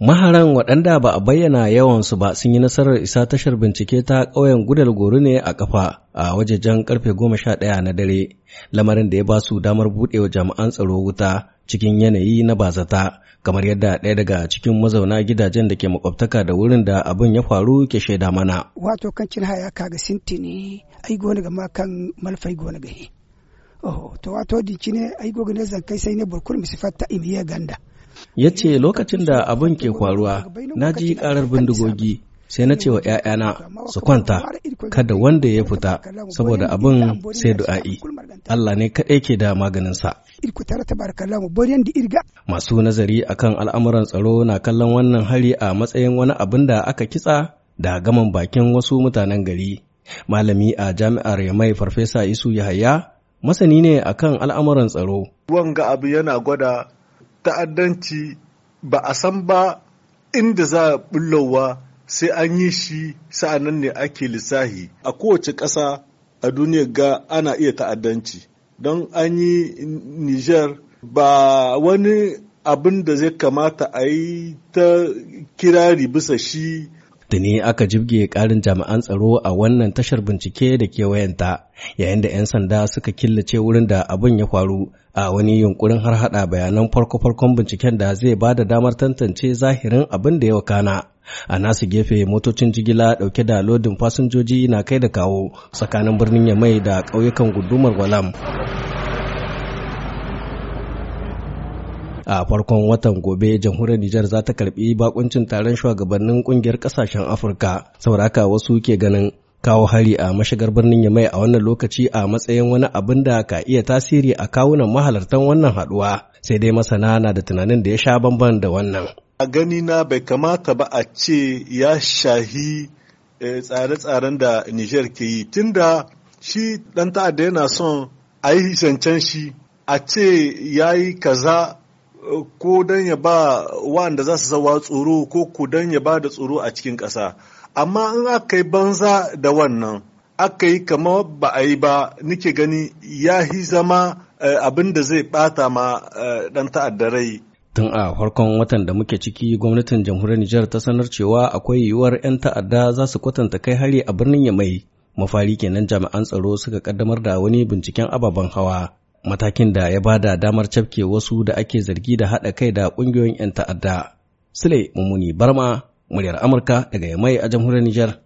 Maharan waɗanda ba a bayyana yawansu ba sun yi nasarar isa tashar bincike ta ƙauyen gudal goro ne a ƙafa a wajejen karfe goma sha ɗaya na dare, lamarin da ya ba su damar buɗewa jami'an tsaro wuta cikin yanayi na bazata, kamar yadda ɗaya daga cikin mazauna gidajen da ke makwabtaka da wurin da abin ya faru ke shaida mana. Wato kan haya kaga sinti ne, ai gona ga kan malfai gona ga Oh, to wato dinki ne ai gona zan kai sai ne burkur ta ganda. ya ce lokacin da abin ke kwaruwa na ji karar bindigogi sai na ce wa ‘ya'yana su kwanta kada wanda ya fita saboda abin sai du'a'i Allah ne kaɗai ke da maganinsa. Masu nazari akan al'amuran tsaro na kallon wannan hari a matsayin wani abin da aka kitsa da gaman bakin wasu mutanen gari. Malami a jami'ar Yamai Farfesa Isu Yahaya masani ne akan al'amuran tsaro. Wanga abu yana gwada ta'addanci ba a san ba inda za a bullowa sai an yi shi sa'annan ne ake lissahi a kowace ƙasa a duniyar ga ana iya ta'addanci don an yi niger ba wani abin da zai kamata a yi ta kirari bisa shi da ne aka jibge ƙarin jami'an tsaro a wannan tashar bincike da kewayenta, yayin da 'yan sanda suka killace wurin da abin ya faru a wani yunkurin har hada bayanan farko-farkon binciken da zai ba da damar tantance zahirin abin da ya wakana. A nasu gefe motocin jigila ɗauke da lodin fasinjoji na kai da kawo tsakanin birnin Yamai da ƙauyukan gudumar Walam. a farkon watan gobe jamhuriyar Nijar za ta karbi bakuncin taron shugabannin kungiyar kasashen Afirka sauraka wasu ke ganin kawo hari a mashigar birnin Yamai a wannan lokaci a matsayin wani abin da ka iya tasiri a kawunan mahalartan wannan haduwa sai dai masana na da tunanin da ya sha bamban da wannan a gani na bai kamata ba a ce ya shahi eh, tsare-tsaren da Nijar ke yi tunda shi dan ta'adda yana son a yi zancen shi a ce ya yi kaza ko don ya ba wa'anda za su zawa tsoro ko ku don ya ba da tsoro a cikin ƙasa amma in aka yi banza da wannan aka yi kama ba a yi ba nike gani ya hi zama eh, abin da zai bata ma eh, ɗan ta'adda rai tun a farkon watan da muke ciki gwamnatin jamhuriyar nijar ta sanar cewa akwai yiwuwar 'yan ta'adda za su kwatanta kai hari a birnin yamai mafari kenan jami'an tsaro suka kaddamar da wani binciken ababen hawa matakin da ya bada damar cafke wasu da ake zargi da haɗa kai da ƙungiyoyin 'yan ta'adda. Sule Mummuni Barma, muryar Amurka daga Yamai a jamhuriyar Nijar.